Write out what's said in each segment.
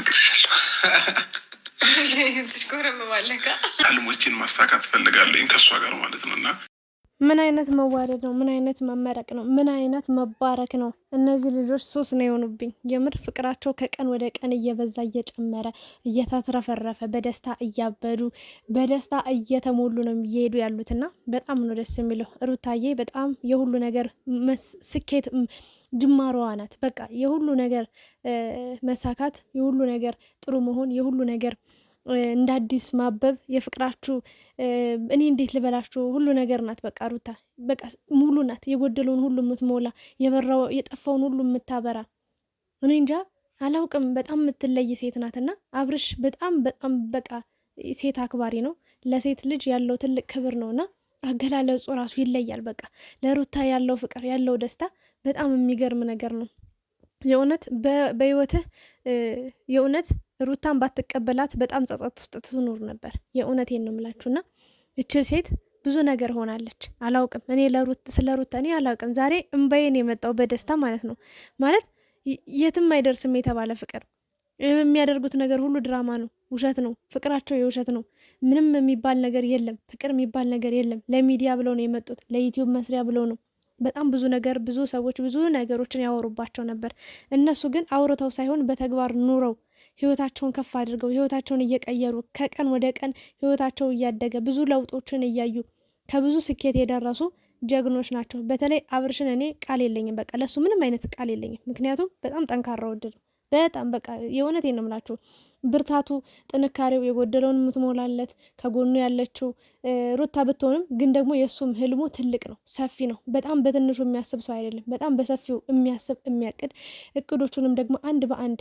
አፈቅርሻለሁ። ትሽኮረምማለህ። አልሞቼን ማሳካት ፈልጋለኝ ከእሷ ጋር ማለት ነው እና ምን አይነት መዋደድ ነው? ምን አይነት መመረቅ ነው? ምን አይነት መባረክ ነው? እነዚህ ልጆች ሶስት ነው የሆኑብኝ። የምር ፍቅራቸው ከቀን ወደ ቀን እየበዛ እየጨመረ እየተትረፈረፈ በደስታ እያበዱ በደስታ እየተሞሉ ነው እየሄዱ ያሉትና በጣም ነው ደስ የሚለው። ሩታዬ በጣም የሁሉ ነገር ስኬት ጅማሮዋ ናት። በቃ የሁሉ ነገር መሳካት፣ የሁሉ ነገር ጥሩ መሆን፣ የሁሉ ነገር እንደ አዲስ ማበብ የፍቅራችሁ እኔ እንዴት ልበላችሁ ሁሉ ነገር ናት። በቃ ሩታ በቃ ሙሉ ናት። የጎደለውን ሁሉ የምትሞላ የበራው የጠፋውን ሁሉ የምታበራ እኔ እንጃ አላውቅም። በጣም የምትለይ ሴት ናትና አብርሽ በጣም በጣም በቃ ሴት አክባሪ ነው። ለሴት ልጅ ያለው ትልቅ ክብር ነውና አገላለጹ ራሱ ይለያል። በቃ ለሩታ ያለው ፍቅር ያለው ደስታ በጣም የሚገርም ነገር ነው። የእውነት በህይወትህ የእውነት ሩታን ባትቀበላት በጣም ጸጸት ውስጥ ትኑር ነበር። የእውነቴን ነው የምላችሁና እችል ሴት ብዙ ነገር ሆናለች። አላውቅም እኔ ለሩት ስለ ሩት እኔ አላውቅም። ዛሬ እምባዬን የመጣው በደስታ ማለት ነው። ማለት የትም አይደርስም የተባለ ፍቅር የሚያደርጉት ነገር ሁሉ ድራማ ነው፣ ውሸት ነው፣ ፍቅራቸው የውሸት ነው። ምንም የሚባል ነገር የለም፣ ፍቅር የሚባል ነገር የለም። ለሚዲያ ብለው ነው የመጡት፣ ለዩትዩብ መስሪያ ብለው ነው በጣም ብዙ ነገር ብዙ ሰዎች ብዙ ነገሮችን ያወሩባቸው ነበር። እነሱ ግን አውርተው ሳይሆን በተግባር ኑረው ህይወታቸውን ከፍ አድርገው ህይወታቸውን እየቀየሩ ከቀን ወደ ቀን ህይወታቸው እያደገ ብዙ ለውጦችን እያዩ ከብዙ ስኬት የደረሱ ጀግኖች ናቸው። በተለይ አብርሽን እኔ ቃል የለኝም፣ በቃ ለሱ ምንም አይነት ቃል የለኝም። ምክንያቱም በጣም ጠንካራ ወድ ነው። በጣም በቃ የእውነቴን ነው የምላችሁ ብርታቱ፣ ጥንካሬው የጎደለውን የምትሞላለት ከጎኑ ያለችው ሩታ ብትሆንም ግን ደግሞ የእሱም ህልሙ ትልቅ ነው፣ ሰፊ ነው። በጣም በትንሹ የሚያስብ ሰው አይደለም። በጣም በሰፊው የሚያስብ የሚያቅድ፣ እቅዶቹንም ደግሞ አንድ በአንድ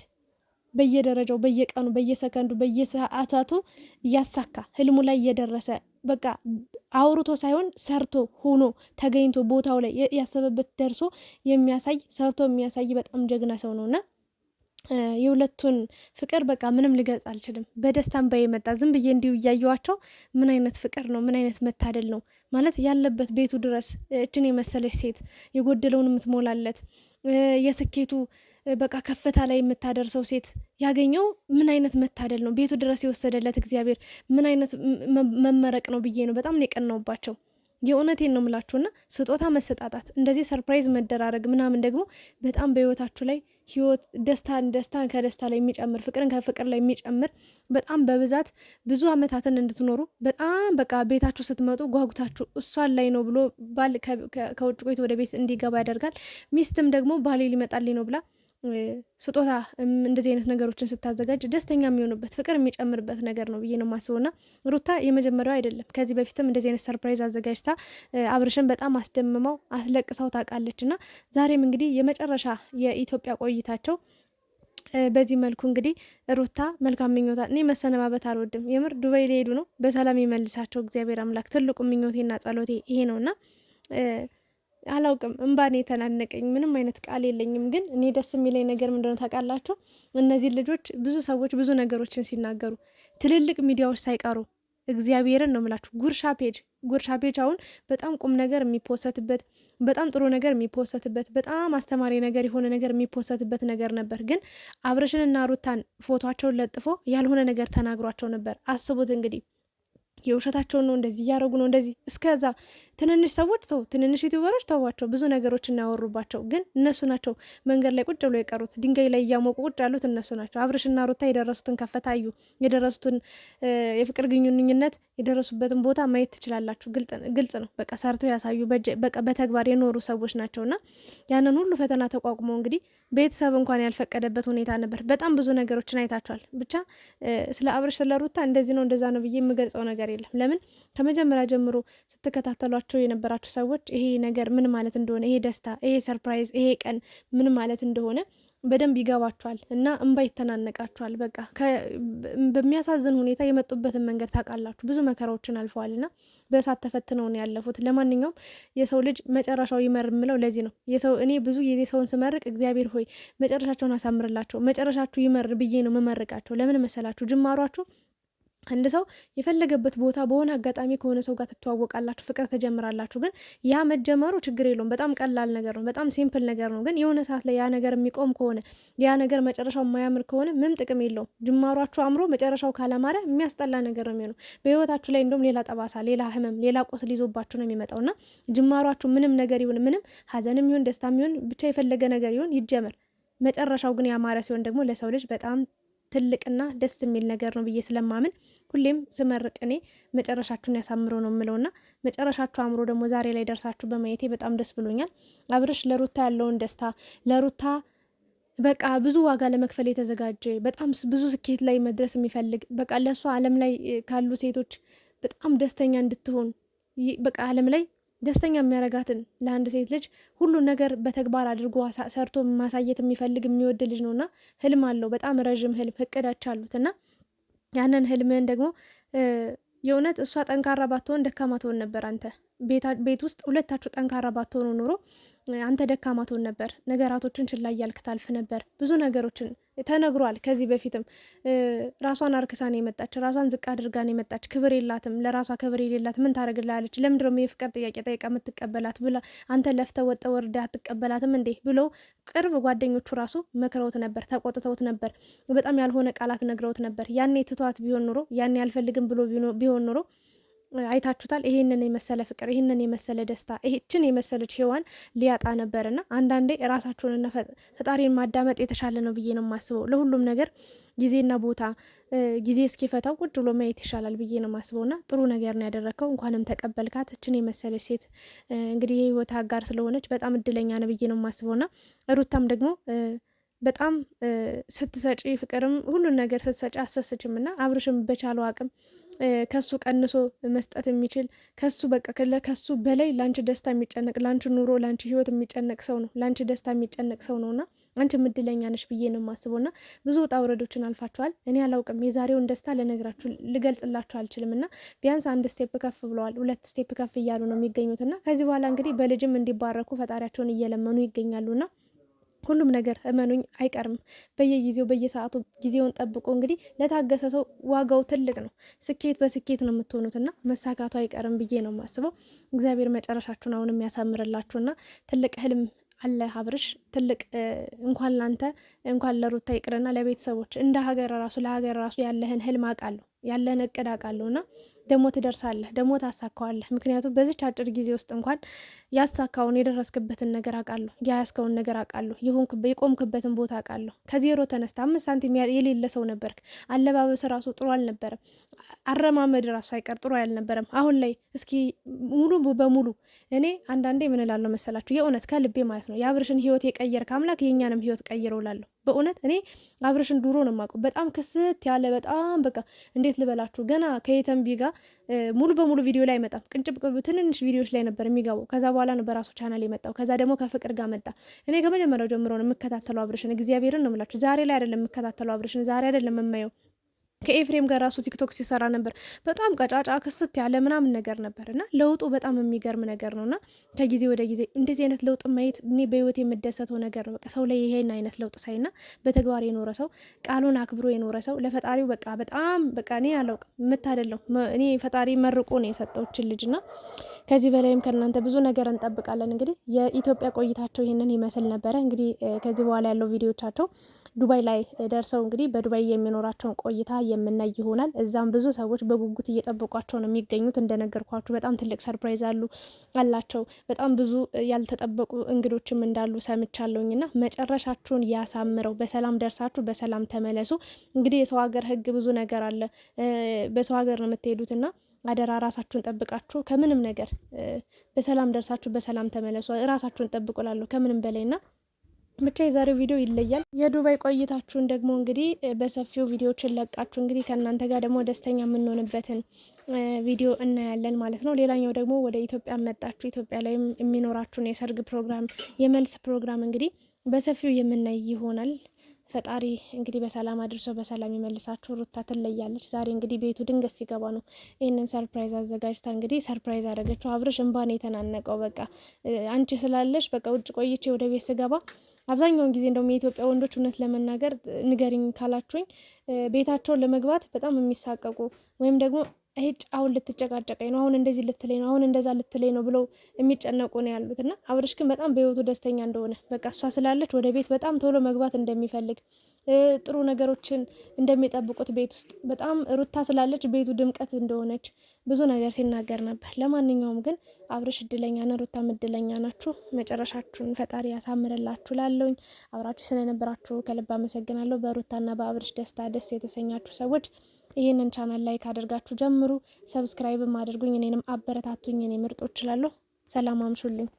በየደረጃው በየቀኑ በየሰከንዱ በየሰዓታቱ እያሳካ ህልሙ ላይ እየደረሰ በቃ አውርቶ ሳይሆን ሰርቶ ሆኖ ተገኝቶ ቦታው ላይ ያሰበበት ደርሶ የሚያሳይ ሰርቶ የሚያሳይ በጣም ጀግና ሰው ነውና የሁለቱን ፍቅር በቃ ምንም ልገልጽ አልችልም። በደስታም ባይ የመጣ ዝም ብዬ እንዲሁ እያየዋቸው ምን አይነት ፍቅር ነው፣ ምን አይነት መታደል ነው ማለት ያለበት ቤቱ ድረስ እችን የመሰለች ሴት የጎደለውን የምትሞላለት የስኬቱ በቃ ከፍታ ላይ የምታደርሰው ሴት ያገኘው ምን አይነት መታደል ነው፣ ቤቱ ድረስ የወሰደለት እግዚአብሔር ምን አይነት መመረቅ ነው ብዬ ነው በጣም የቀናውባቸው። የእውነቴን ነው ምላችሁና ስጦታ መሰጣጣት እንደዚህ ሰርፕራይዝ መደራረግ ምናምን ደግሞ በጣም በህይወታችሁ ላይ ህይወት ደስታን ደስታን ከደስታ ላይ የሚጨምር ፍቅርን ከፍቅር ላይ የሚጨምር በጣም በብዛት ብዙ አመታትን እንድትኖሩ በጣም በቃ ቤታችሁ ስትመጡ ጓጉታችሁ እሷን ላይ ነው ብሎ ባል ከውጭ ቆይቶ ወደ ቤት እንዲገባ ያደርጋል። ሚስትም ደግሞ ባሌ ሊመጣልኝ ነው ብላ ስጦታ እንደዚህ አይነት ነገሮችን ስታዘጋጅ ደስተኛ የሚሆኑበት ፍቅር የሚጨምርበት ነገር ነው ብዬ ነው ማስበው ና ሩታ የመጀመሪያው አይደለም። ከዚህ በፊትም እንደዚህ አይነት ሰርፕራይዝ አዘጋጅታ አብርሽን በጣም አስደምመው አስለቅሰው ታውቃለች። ና ዛሬም እንግዲህ የመጨረሻ የኢትዮጵያ ቆይታቸው በዚህ መልኩ እንግዲህ ሩታ መልካም ምኞታ እኔ መሰነባበት አልወድም። የምር ዱባይ ሊሄዱ ነው። በሰላም ይመልሳቸው እግዚአብሔር አምላክ። ትልቁ ምኞቴና ጸሎቴ ይሄ ነውና አላውቅም እንባን የተናነቀኝ ምንም አይነት ቃል የለኝም። ግን እኔ ደስ የሚለኝ ነገር ምንድነው ታውቃላችሁ? እነዚህ ልጆች ብዙ ሰዎች ብዙ ነገሮችን ሲናገሩ ትልልቅ ሚዲያዎች ሳይቀሩ እግዚአብሔርን ነው ምላችሁ። ጉርሻ ፔጅ ጉርሻ ፔጅ አሁን በጣም ቁም ነገር የሚፖሰትበት በጣም ጥሩ ነገር የሚፖሰትበት በጣም አስተማሪ ነገር የሆነ ነገር የሚፖሰትበት ነገር ነበር። ግን አብርሽንና ሩታን ፎቷቸውን ለጥፎ ያልሆነ ነገር ተናግሯቸው ነበር። አስቡት እንግዲህ የውሸታቸውን ነው፣ እንደዚህ እያደረጉ ነው፣ እንደዚህ እስከዛ። ትንንሽ ሰዎች ተው፣ ትንንሽ ዩቲዩበሮች ተዋቸው፣ ብዙ ነገሮች እናወሩባቸው። ግን እነሱ ናቸው መንገድ ላይ ቁጭ ብሎ የቀሩት፣ ድንጋይ ላይ እያሞቁ ቁጭ ያሉት እነሱ ናቸው። አብርሽና ሩታ የደረሱትን ከፍታ አዩ፣ የደረሱትን የፍቅር ግንኙነት የደረሱበትን ቦታ ማየት ትችላላችሁ። ግልጽ ነው፣ በቃ ሰርተው ያሳዩ፣ በቃ በተግባር የኖሩ ሰዎች ናቸው። ያንን ሁሉ ፈተና ተቋቁመው እንግዲህ ቤተሰብ እንኳን ያልፈቀደበት ሁኔታ ነበር። በጣም ብዙ ነገሮችን አይታችኋል። ብቻ ስለ አብርሽ ስለ ሩታ እንደዚህ ነው እንደዛ ነው ብዬ የምገልጸው ነገር ነገር የለም። ለምን ከመጀመሪያ ጀምሮ ስትከታተሏቸው የነበራችሁ ሰዎች ይሄ ነገር ምን ማለት እንደሆነ፣ ይሄ ደስታ፣ ይሄ ሰርፕራይዝ፣ ይሄ ቀን ምን ማለት እንደሆነ በደንብ ይገባችኋል እና እንባ ይተናነቃችኋል። በቃ በሚያሳዝን ሁኔታ የመጡበትን መንገድ ታውቃላችሁ። ብዙ መከራዎችን አልፈዋል እና በእሳት ተፈትነው ነው ያለፉት። ለማንኛውም የሰው ልጅ መጨረሻው ይመር የምለው ለዚህ ነው የሰው እኔ ብዙ ጊዜ ሰውን ስመርቅ እግዚአብሔር ሆይ መጨረሻቸውን አሳምርላቸው፣ መጨረሻችሁ ይመር ብዬ ነው መመርቃቸው። ለምን መሰላችሁ ጅማሯችሁ አንድ ሰው የፈለገበት ቦታ በሆነ አጋጣሚ ከሆነ ሰው ጋር ትተዋወቃላችሁ፣ ፍቅር ተጀምራላችሁ። ግን ያ መጀመሩ ችግር የለውም፣ በጣም ቀላል ነገር ነው፣ በጣም ሲምፕል ነገር ነው። ግን የሆነ ሰዓት ላይ ያ ነገር የሚቆም ከሆነ ያ ነገር መጨረሻው የማያምር ከሆነ ምንም ጥቅም የለውም። ጅማሯችሁ አምሮ መጨረሻው ካላማረ የሚያስጠላ ነገር ነው የሚሆነው። በህይወታችሁ ላይ እንደውም ሌላ ጠባሳ፣ ሌላ ህመም፣ ሌላ ቁስል ይዞባችሁ ነው የሚመጣው እና ጅማሯችሁ ምንም ነገር ይሁን ምንም ሀዘንም ይሁን ደስታም ይሁን ብቻ የፈለገ ነገር ይሁን ይጀመር፣ መጨረሻው ግን ያማረ ሲሆን ደግሞ ለሰው ልጅ በጣም ትልቅና ደስ የሚል ነገር ነው ብዬ ስለማምን ሁሌም ስመርቅ እኔ መጨረሻችሁን ያሳምሮ ነው የምለውና መጨረሻችሁ አምሮ ደግሞ ዛሬ ላይ ደርሳችሁ በማየቴ በጣም ደስ ብሎኛል። አብርሽ ለሩታ ያለውን ደስታ ለሩታ በቃ ብዙ ዋጋ ለመክፈል የተዘጋጀ በጣም ብዙ ስኬት ላይ መድረስ የሚፈልግ በቃ ለእሷ ዓለም ላይ ካሉ ሴቶች በጣም ደስተኛ እንድትሆን በቃ ዓለም ላይ ደስተኛ የሚያረጋትን ለአንድ ሴት ልጅ ሁሉን ነገር በተግባር አድርጎ ሰርቶ ማሳየት የሚፈልግ የሚወድ ልጅ ነውና ህልም አለው። በጣም ረዥም ህልም እቅዳች አሉት እና ያንን ህልምህን ደግሞ የእውነት እሷ ጠንካራ ባትሆን ደካማ ትሆን ነበር አንተ ቤት ውስጥ ሁለታችሁ ጠንካራ ባትሆኑ ኑሮ አንተ ደካማ ትሆን ነበር። ነገራቶችን ችላ እያልክ ታልፍ ነበር። ብዙ ነገሮችን ተነግሯል። ከዚህ በፊትም ራሷን አርክሳን የመጣች ራሷን ዝቅ አድርጋን የመጣች ክብር የላትም ለራሷ ክብር የሌላት ምን ታደርግላለች? ለምንድነው የፍቅር ጥያቄ ጠይቃ የምትቀበላት ብላ አንተ ለፍተ ወጠ ወርዳ አትቀበላትም እንዴ ብሎ ቅርብ ጓደኞቹ ራሱ መክረውት ነበር፣ ተቆጥተውት ነበር፣ በጣም ያልሆነ ቃላት ነግረውት ነበር። ያኔ ትቷት ቢሆን ኑሮ ያኔ አልፈልግም ብሎ ቢሆን ኑሮ አይታችሁታል። ይሄንን የመሰለ ፍቅር፣ ይሄንን የመሰለ ደስታ፣ ይችን የመሰለች ሔዋን ሊያጣ ነበርና አንዳንዴ ራሳችሁንና ፈጣሪን ማዳመጥ የተሻለ ነው ብዬ ነው የማስበው። ለሁሉም ነገር ጊዜና ቦታ ጊዜ እስኪፈታው ቁጭ ብሎ ማየት ይሻላል ብዬ ነው የማስበው። ጥሩ ነገር ነው ያደረግከው። እንኳንም ተቀበልካት። እችን የመሰለች ሴት እንግዲህ የህይወት አጋር ስለሆነች በጣም እድለኛ ነው ብዬ ነው የማስበው። ና ሩታም ደግሞ በጣም ስትሰጪ ፍቅርም ሁሉን ነገር ስትሰጪ አሰስችም እና አብርሽም በቻለው አቅም ከሱ ቀንሶ መስጠት የሚችል ከሱ በቃ ከሱ በላይ ለአንቺ ደስታ የሚጨነቅ ለአንቺ ኑሮ ለአንቺ ህይወት የሚጨነቅ ሰው ነው። ለአንቺ ደስታ የሚጨነቅ ሰው ነውና አንቺ ምድለኛ ነሽ ብዬ ነው የማስበው። ና ብዙ ውጣ ውረዶችን አልፋችኋል። እኔ አላውቅም የዛሬውን ደስታ ልነግራችሁ ልገልጽላችሁ አልችልም። እና ቢያንስ አንድ ስቴፕ ከፍ ብለዋል፣ ሁለት ስቴፕ ከፍ እያሉ ነው የሚገኙት። ና ከዚህ በኋላ እንግዲህ በልጅም እንዲባረኩ ፈጣሪያቸውን እየለመኑ ይገኛሉ ና ሁሉም ነገር እመኑኝ አይቀርም። በየጊዜው በየሰዓቱ ጊዜውን ጠብቆ እንግዲህ ለታገሰ ሰው ዋጋው ትልቅ ነው። ስኬት በስኬት ነው የምትሆኑትና መሳካቱ አይቀርም ብዬ ነው የማስበው። እግዚአብሔር መጨረሻችሁን አሁንም ያሳምርላችሁና ትልቅ ህልም አለ አብርሽ ትልቅ እንኳን ላንተ እንኳን ለሩታ ይቅርና ለቤተሰቦች እንደ ሀገር ራሱ ለሀገር ራሱ ያለህን ህልም አውቃለሁ። ያለን እቅድ አውቃለሁ እና ደግሞ ትደርሳለህ፣ ደግሞ ታሳካዋለህ። ምክንያቱም በዚች አጭር ጊዜ ውስጥ እንኳን ያሳካውን የደረስክበትን ነገር አውቃለሁ፣ ያያስከውን ነገር አውቃለሁ፣ የቆምክበትን ቦታ አውቃለሁ። ከዜሮ ተነስተ አምስት ሳንቲም የሌለ ሰው ነበርክ። አለባበስ ራሱ ጥሩ አልነበረም። አረማመድ ራሱ አይቀር ጥሩ አልነበረም። አሁን ላይ እስኪ ሙሉ በሙሉ እኔ አንዳንዴ ምንላለሁ መሰላችሁ? የእውነት ከልቤ ማለት ነው የአብርሽን ህይወት የቀየርክ አምላክ የእኛንም ህይወት ቀይረውላለሁ። በእውነት እኔ አብረሽን ድሮ ነው የማውቀው። በጣም ክስት ያለ በጣም በቃ እንዴት ልበላችሁ፣ ገና ከየተንቢ ጋር ሙሉ በሙሉ ቪዲዮ ላይ አይመጣም። ቅንጭብ ትንንሽ ቪዲዮዎች ላይ ነበር የሚገባው። ከዛ በኋላ ነው በራሱ ቻናል የመጣው። ከዛ ደግሞ ከፍቅር ጋር መጣ። እኔ ከመጀመሪያው ጀምሮ ነው የምከታተለው አብረሽን። እግዚአብሔርን ነው የምላችሁ። ዛሬ ላይ አይደለም የምከታተለው አብረሽን። ዛሬ አይደለም የማየው ከኤፍሬም ጋር ራሱ ቲክቶክ ሲሰራ ነበር። በጣም ቀጫጫ ክስት ያለ ምናምን ነገር ነበር እና ለውጡ በጣም የሚገርም ነገር ነው እና ከጊዜ ወደ ጊዜ እንደዚህ አይነት ለውጥ ማየት እኔ በህይወት የምደሰተው ነገር ነው። በቃ ሰው ላይ ይሄን አይነት ለውጥ ሳይና በተግባር የኖረ ሰው ቃሉን አክብሮ የኖረ ሰው ለፈጣሪው በቃ በጣም በቃ እኔ ያለው የምታደለው እኔ ፈጣሪ መርቆ ነው የሰጠውችን ልጅ እና ከዚህ በላይም ከእናንተ ብዙ ነገር እንጠብቃለን። እንግዲህ የኢትዮጵያ ቆይታቸው ይህንን ይመስል ነበረ። እንግዲህ ከዚህ በኋላ ያለው ቪዲዮቻቸው ዱባይ ላይ ደርሰው እንግዲህ በዱባይ የሚኖራቸውን ቆይታ የምናይ ይሆናል። እዛም ብዙ ሰዎች በጉጉት እየጠበቋቸው ነው የሚገኙት። እንደነገርኳችሁ በጣም ትልቅ ሰርፕራይዝ አሉ አላቸው። በጣም ብዙ ያልተጠበቁ እንግዶችም እንዳሉ ሰምቻለሁኝ ና መጨረሻችሁን ያሳምረው፣ በሰላም ደርሳችሁ በሰላም ተመለሱ። እንግዲህ የሰው ሀገር ህግ ብዙ ነገር አለ። በሰው ሀገር ነው የምትሄዱት ና አደራ ራሳችሁን ጠብቃችሁ ከምንም ነገር በሰላም ደርሳችሁ በሰላም ተመለሱ። ራሳችሁን ጠብቁላለሁ ከምንም በላይ ና? ብቻ የዛሬው ቪዲዮ ይለያል። የዱባይ ቆይታችሁን ደግሞ እንግዲህ በሰፊው ቪዲዮችን ለቃችሁ እንግዲህ ከእናንተ ጋር ደግሞ ደስተኛ የምንሆንበትን ቪዲዮ እናያለን ማለት ነው። ሌላኛው ደግሞ ወደ ኢትዮጵያ መጣችሁ ኢትዮጵያ ላይ የሚኖራችሁን የሰርግ ፕሮግራም፣ የመልስ ፕሮግራም እንግዲህ በሰፊው የምናይ ይሆናል። ፈጣሪ እንግዲህ በሰላም አድርሶ በሰላም ይመልሳችሁ። ሩታ ትለያለች። ዛሬ እንግዲህ ቤቱ ድንገት ሲገባ ነው ይህንን ሰርፕራይዝ አዘጋጅታ እንግዲህ ሰርፕራይዝ አደረገችው። አብረሽ እንባን የተናነቀው በቃ አንቺ ስላለሽ በቃ ውጭ ቆይቼ ወደ ቤት ስገባ አብዛኛውን ጊዜ እንደውም የኢትዮጵያ ወንዶች እውነት ለመናገር ንገሪኝ ካላችሁኝ ቤታቸውን ለመግባት በጣም የሚሳቀቁ ወይም ደግሞ ሄጭ አሁን ልትጨቃጨቀኝ ነው፣ አሁን እንደዚህ ልትለኝ ነው፣ አሁን እንደዛ ልትለኝ ነው ብለው የሚጨነቁ ነው ያሉት። እና አብርሽ ግን በጣም በህይወቱ ደስተኛ እንደሆነ በቃ እሷ ስላለች ወደ ቤት በጣም ቶሎ መግባት እንደሚፈልግ ጥሩ ነገሮችን እንደሚጠብቁት ቤት ውስጥ በጣም ሩታ ስላለች ቤቱ ድምቀት እንደሆነች ብዙ ነገር ሲናገር ነበር። ለማንኛውም ግን አብርሽ እድለኛ ና ሩታም እድለኛ ናችሁ። መጨረሻችሁን ፈጣሪ ያሳምርላችሁ። ላለውኝ አብራችሁ ስለነበራችሁ ከልብ አመሰግናለሁ። በሩታና በአብርሽ ደስታ ደስ የተሰኛችሁ ሰዎች ይህንን ቻናል ላይክ አድርጋችሁ ጀምሩ። ሰብስክራይብም አድርጉኝ፣ እኔንም አበረታቱኝ። እኔ ምርጦ እላለሁ። ሰላም አምሹልኝ።